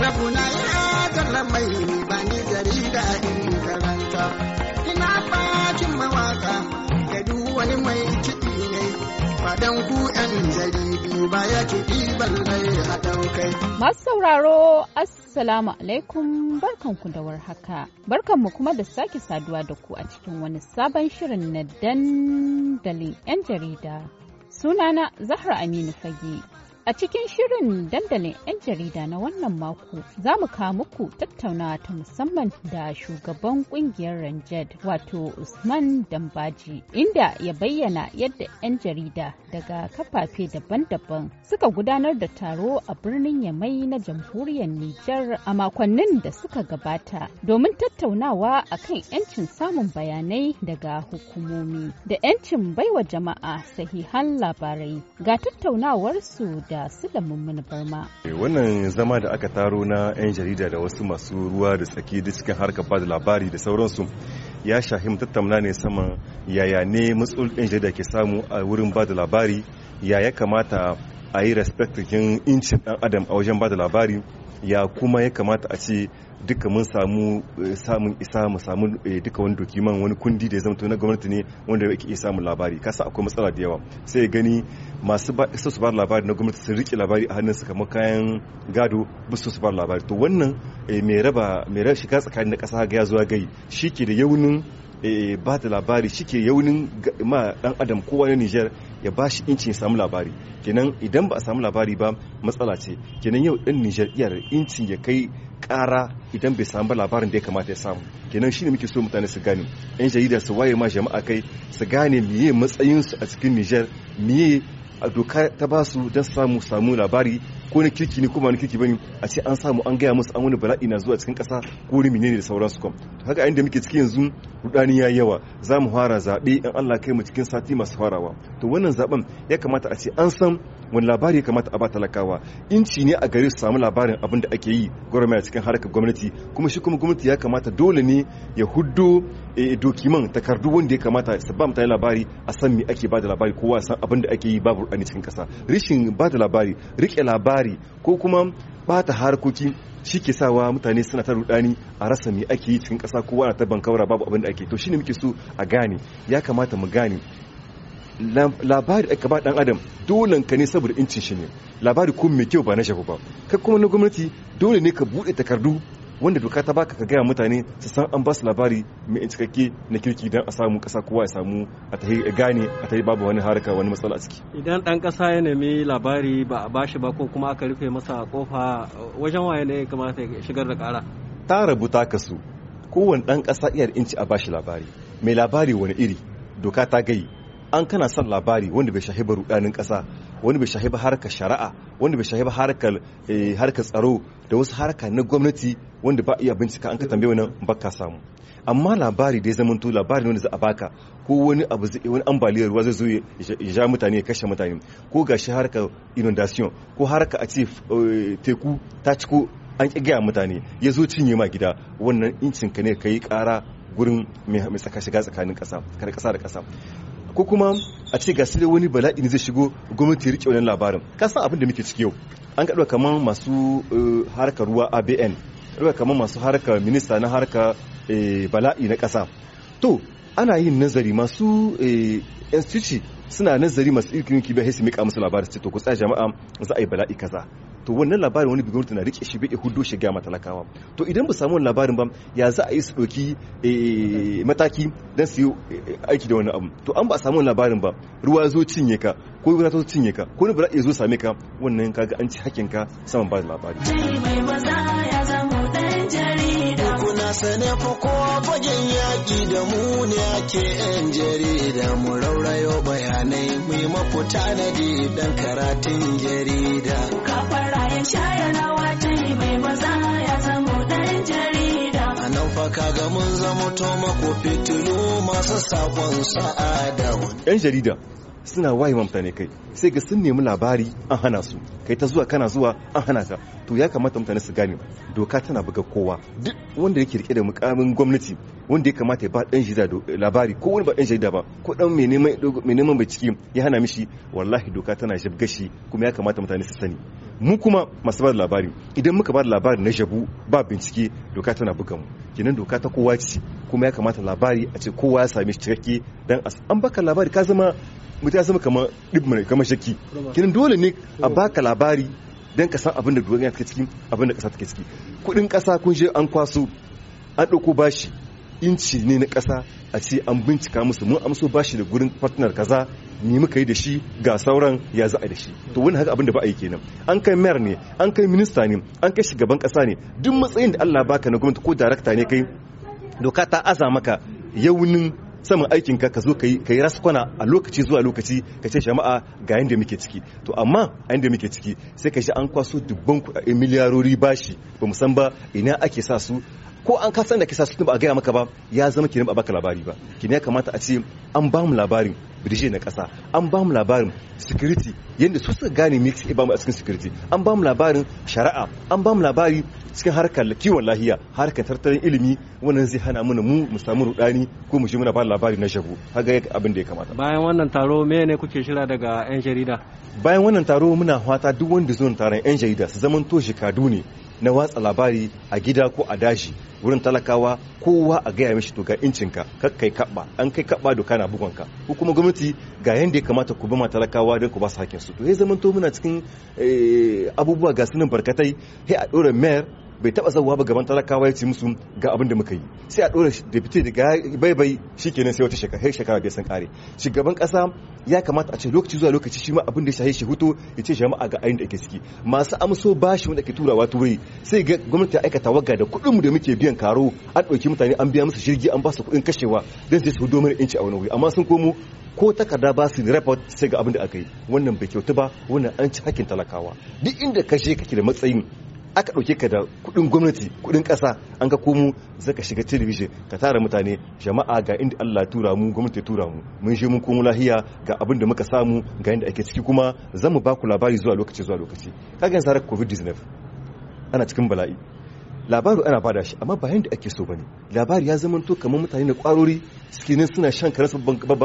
rabuna ya zalla mai ba ni jarida inda karanta ina bakin mawaka da duk wani mai kiɗi ne fadan ku yan jaridu ba ya kiɗi ballai a ɗaukai. masu sauraro assalamu alaikum barkanku da warhaka barkanmu kuma da sake saduwa da ku a cikin wani sabon shirin na dandalin yan jarida sunana zahra aminu fage A cikin shirin dandalin 'yan jarida na wannan mako za mu ka muku tattaunawa ta musamman da shugaban kungiyar Ranjad wato Usman Dambaji inda ya bayyana yadda 'yan jarida daga kafafe daban-daban suka gudanar da taro a birnin Yamai na jamhuriyar Nijar a makonnin da suka gabata domin tattaunawa a kan 'yancin samun bayanai daga hukumomi da 'yancin baiwa jama'a sahihan labarai ga tattaunawarsu da da Sulaiman Mini Barma. Eh, wannan zama da aka taro na 'yan jarida da wasu masu ruwa da tsaki da cikin harkar bada labari da sauransu ya shahi tattauna ne saman yaya ne matsul 'yan jarida ke samu a wurin bada labari ya ya kamata a yi respectin incin dan adam a wajen ba da labari ya kuma ya kamata a ce duka mun samu eh, samun isa mu samu eh, duka wani dokiman wani kundi da ya zama na gwamnati ne wanda ya ke samun labari kasa akwai matsala da yawa sai gani masu isa su ba labari na gwamnati sun rike labari a hannunsu kamar kayan gado ba su ba labari to wannan eh, mai raba mai raba shiga tsakanin na kasa ga ya zuwa gai shi ke da yaunin ba da labari shi ke yaunin ma dan adam kowa na Nijar ya ba shi incin samu labari kenan idan ba a samu labari ba matsala ce kenan yau ɗan nijar iya da incin ya kai ƙara idan bai samu labarin da ya kamata ya samu kenan shine muke so mutane su gane yan jarida su waye ma jama'a kai su gane matsayin su a cikin nijar miye a doka ta ba su don samu samu labari ko na kirki ne ko ba na kirki bane a ce an samu an gaya musu an wani bala'i na zuwa cikin kasa ko wani menene da sauransu kam haka a da muke ciki yanzu rudani ya yawa za mu fara zaɓe in Allah kai mu cikin sati masu farawa to wannan zaben ya kamata a ce an san wani labari ya kamata a ba talakawa inci ne a gare su samu labarin abin da ake yi gwamnati cikin harkar gwamnati kuma shi kuma gwamnati ya kamata dole ne ya huddo eh, dokiman takardu wanda ya kamata su ba mutane labari a san me ake ba da labari kowa san abin da ake yi babu rudani cikin kasa rishin ba da labari rike labari tsari ko kuma bata harkoki shi ke sawa mutane suna ta rudani a rasa mai ake yi cikin ƙasa kowa na ta bankaura babu abin da ake to shine muke so a gane ya kamata mu gane labari aka ba dan adam dole ka ne saboda incin shi ne labari ko mai kyau ba na shafi ba kai kuma na gwamnati dole ne ka bude takardu wanda doka ta baka ka gaya mutane su san an ba su labari mai cikakke na kirki don a samu kasa kowa ya samu a ta gane a ta babu wani haraka wani matsala a ciki idan ɗan kasa ya nemi labari ba a bashi ba ko kuma aka rufe masa kofa wajen waye ne kamata ya shigar da kara ta rabu ta kasu kowane dan kasa iyar inci a bashi labari mai labari wani iri doka ta gayi an kana son labari wanda bai shahi ba rudanin kasa wanda bai shahi ba harkar shari'a wanda bai shahi ba harkar eh, tsaro da wasu harka na gwamnati wanda ba iya bincika an ka tambaye wannan baka samu amma labari da ya zama to labari wanda za a baka ko wani abu zai wani ambaliyar ruwa zai zo ya ja mutane ya kashe mutane ko gashi harkar inundation ko harka a ce eh, teku ta ciko an ƙi gaya mutane ya zo cinye ma gida wannan incinka ne ka yi kara gurin mai tsaka shiga tsakanin ƙasa da ƙasa ko kuma a ce ga sai wani bala'i ne zai shigo gwamnati rike wannan labarin ka abin da muke ciki yau an kaɗa kamar masu eh, harkar ruwa abn ruwa kamar masu harkar minista na harkar eh, bala'i na kasa. to ana yin nazari masu eh, instituci suna nazari masu ilkin kibiya sai su mika musu labarin to ku tsaya jama'a za a yi bala'i kaza to wannan labarin wani gwamnati na rike shi bai hudu shi ga talakawa to idan ba samu wannan labarin ba ya za a yi su doki eh, mataki don su yi eh, aiki da wani abu to an ba a samu labarin ba ruwa zo cinye ka ko ruwa zo cinye ka ko ba iya zo same ka wannan kaga an ci hakkin ka saman ba da labari kuna sane ko kowa fagen yaƙi da mu ne ake yan jarida mu raurayo bayanai mu yi mafuta na dan karatun jarida halarto mako fitilu masu sakon sa'ada. Yan jarida suna waye mutane kai sai ga sun nemi labari an hana su kai ta zuwa kana zuwa an hana ta to ya kamata mutane su gane doka tana buga kowa duk wanda yake rike da mukamin gwamnati wanda ya kamata ya ba dan jarida labari ko wani ba dan jarida ba ko dan mai neman mai neman ya hana mishi wallahi doka tana shabgashi kuma ya kamata mutane su sani mu kuma masu ba da labari idan muka ba da labari na jabu ba bincike doka tana buga mu kenan doka ta kowa ce kuma ya kamata labari a ce kowa ya sami cikakke dan an baka labari ka zama mutum ya zama kamar dibmar kamar shakki kenan dole ne a baka labari dan ka san abin da duniya take ciki abin da kasa take ciki kudin kasa kun je an kwaso an dauko bashi inci ne na ƙasa a ce an bincika musu mun amso bashi da gurin partner kaza ni muka yi da shi ga sauran ya za a da shi to wani haka abin da ba a yi kenan an kai mayor ne an kai minista ne an kai shugaban ƙasa ne duk matsayin da Allah baka na gwamnati ko darakta ne kai doka ta aza maka yaunin saman aikin ka zo ka yi raskwana a lokaci zuwa lokaci ka ce jama'a ga yanda muke ciki to amma a yanda muke ciki sai ka ji an kwaso dubban miliyarori bashi ba san ba ina ake sa su ko an ka san da kisa sun ba a gaya maka ba ya zama kinin ba baka labari ba kenan ya kamata a ce an ba mu labarin birje na kasa an ba mu labarin security yadda su suka gane mix ba mu a cikin security an ba mu labarin shari'a an ba mu labari cikin harkar kiwon lahiya harkar tattalin ilimi wannan zai hana mana mu mu samu rudani ko mu shi muna ba labari na shabu haka abin da ya kamata bayan wannan taro me ne kuke shira daga yan jarida bayan wannan taro muna fata duk wanda zuwa taron yan jarida su zaman to shikadu ne na watsa labari a gida ko a daji wurin talakawa kowa a gaya mishi to ga incinka ka kai kaɓa an kai kaɓa doka na bugonka ko kuma gwamnati ga yanda ya kamata ku bi talakawa don ku ba su hakkin su to ya zama to muna cikin eh, abubuwa ga sunan barkatai sai a dora mayor bai taba sauwa ba gaban talakawa ya ce musu ga abin da muka yi sai a dora da fite daga bai bai shikenan sai wata shekara shekara bai san kare shugaban kasa ya kamata a ce lokaci zuwa lokaci shi ma abin da shahi shi hutu ya ce jama'a ga ayin da ake ciki masu amso bashi wanda ke turawa turai sai ga gwamnati aikata wagga da kuɗin mu da muke biyan karo an ɗauki mutane an biya musu jirgi an ba su kuɗin kashewa don su hudo mana inci a wani wuri amma sun komo ko takarda ba su report sai ga abin da aka yi wannan bai kyautu ba wannan an ci hakkin talakawa duk inda ka je kake da matsayin aka ɗauke ka da kuɗin gwamnati kuɗin ƙasa an ka komo zaka shiga talabijin ka tara mutane jama'a ga inda Allah ya tura mu gwamnati ya tura mu mun je mun komo lahiya ga abin da muka samu ga inda ake ciki kuma za mu ba ku labari zuwa lokaci zuwa lokaci kaga yanzu covid-19 ana cikin bala'i labaru ana bada shi amma ba yadda ake so bane labari ya zama to kamar mutane na kwarori suke nan suna shan karas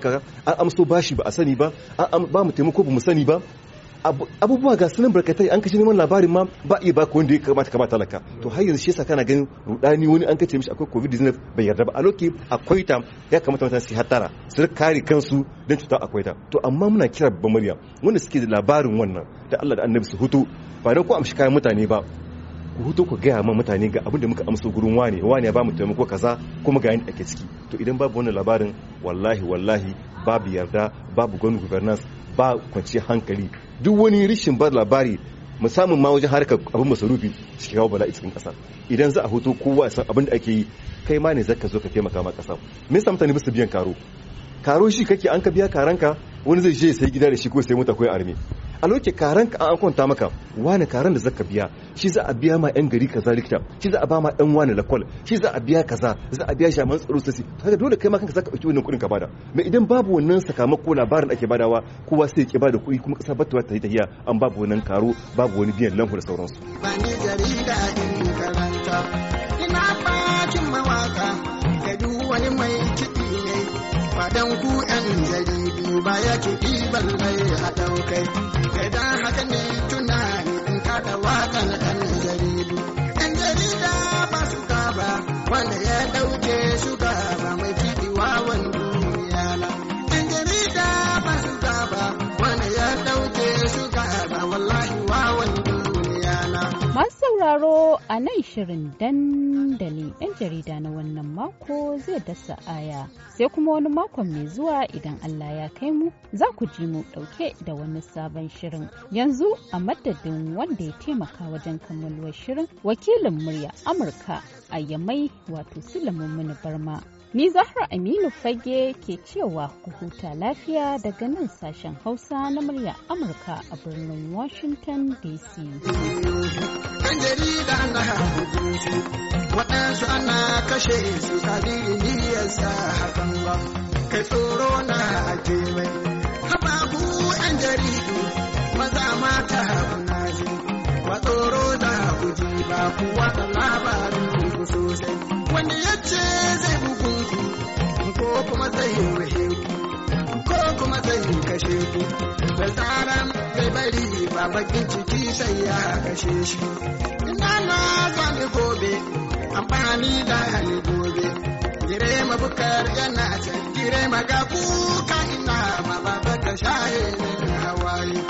ka an amso bashi ba a sani ba an ba mu taimako ba mu sani ba abubuwa ga sunan barkatai an kashe neman labarin ma ba iya baka wanda ya kamata kama talaka to har yanzu shi yasa kana ganin rudani wani an kace mishi akwai covid-19 bai yarda ba a loke akwai ta ya kamata mutane su hatara su kare kansu don cutar akwai ta to amma muna kira babban murya wanda suke da labarin wannan da Allah da Annabi su hutu ba da ko amshi kayan mutane ba ku hutu ku gaya ma mutane ga abin da muka amsa gurin wane wane ba mu taimako kaza kuma ga yadda ake ciki to idan babu wannan labarin wallahi wallahi babu yarda babu gwamnati governance ba kwanciyar hankali duk wani rishin ba labari musamman ma wajen harkar abin masarufi su kawo bala'i cikin kasa idan za a hoto kowa san abin da ake yi kai ma ne zaka zo ka taimaka ma kasa me yasa mutane basu biyan karo karo shi kake an ka biya karanka wani zai je sai gida da shi ko sai mota ko arme a loke karan ka an kwanta maka wani karan da zaka biya shi za a biya ma yan gari kaza likita shi za a ba ma yan wani lakwal shi za a biya kaza za a biya shi a man tsaro sosai kaga dole kai ma kanka zaka dauki wannan kudin ka bada me idan babu wannan sakamako labarin ake badawa kowa sai ya da kuɗi kuma kasa batuwa ta yi tahiya an babu wannan karo babu wani biyan lanhu da sauransu. fadan ku yan jaridu ba ya ci ɗibar mai haɗau kai gada haka ne tunani in kaɗa waƙan ɗan jaridu yan jarida ba su ba wanda ya ɗauke su ba mai fiɗi wawan duniya na yan jarida ba su ba wanda ya ɗauke su sauraro a nan shirin dandali 'yan jarida na wannan mako zai dasa aya sai kuma wani mako mai zuwa idan Allah ya kai mu za ku ji mu ɗauke da wani sabon shirin yanzu a madadin wanda ya taimaka wajen kammaluwar shirin wakilin murya amurka a yamai wato silimin mini barma Ni Zahra Aminu Fage ke cewa ku huta lafiya daga nan sashen Hausa na murya Amurka a birnin Washington DC. Ɗan ana waɗansu ana kashe su sa hakan ba, kai tsoro na aje mai. Hababu 'yan jaridu, maza mata na matsoro za a ba kuwa da labarin ku sosai wanda ya ce zai bugu ku ko kuma zai rahe ku ko kuma zai kashe ku da tsaran bai bari ba bakin ciki sai ya kashe shi ina na zami gobe amfani da hali gobe gire mabukar yana can gire maga kuka ina ma ba ka shaye ne hawaye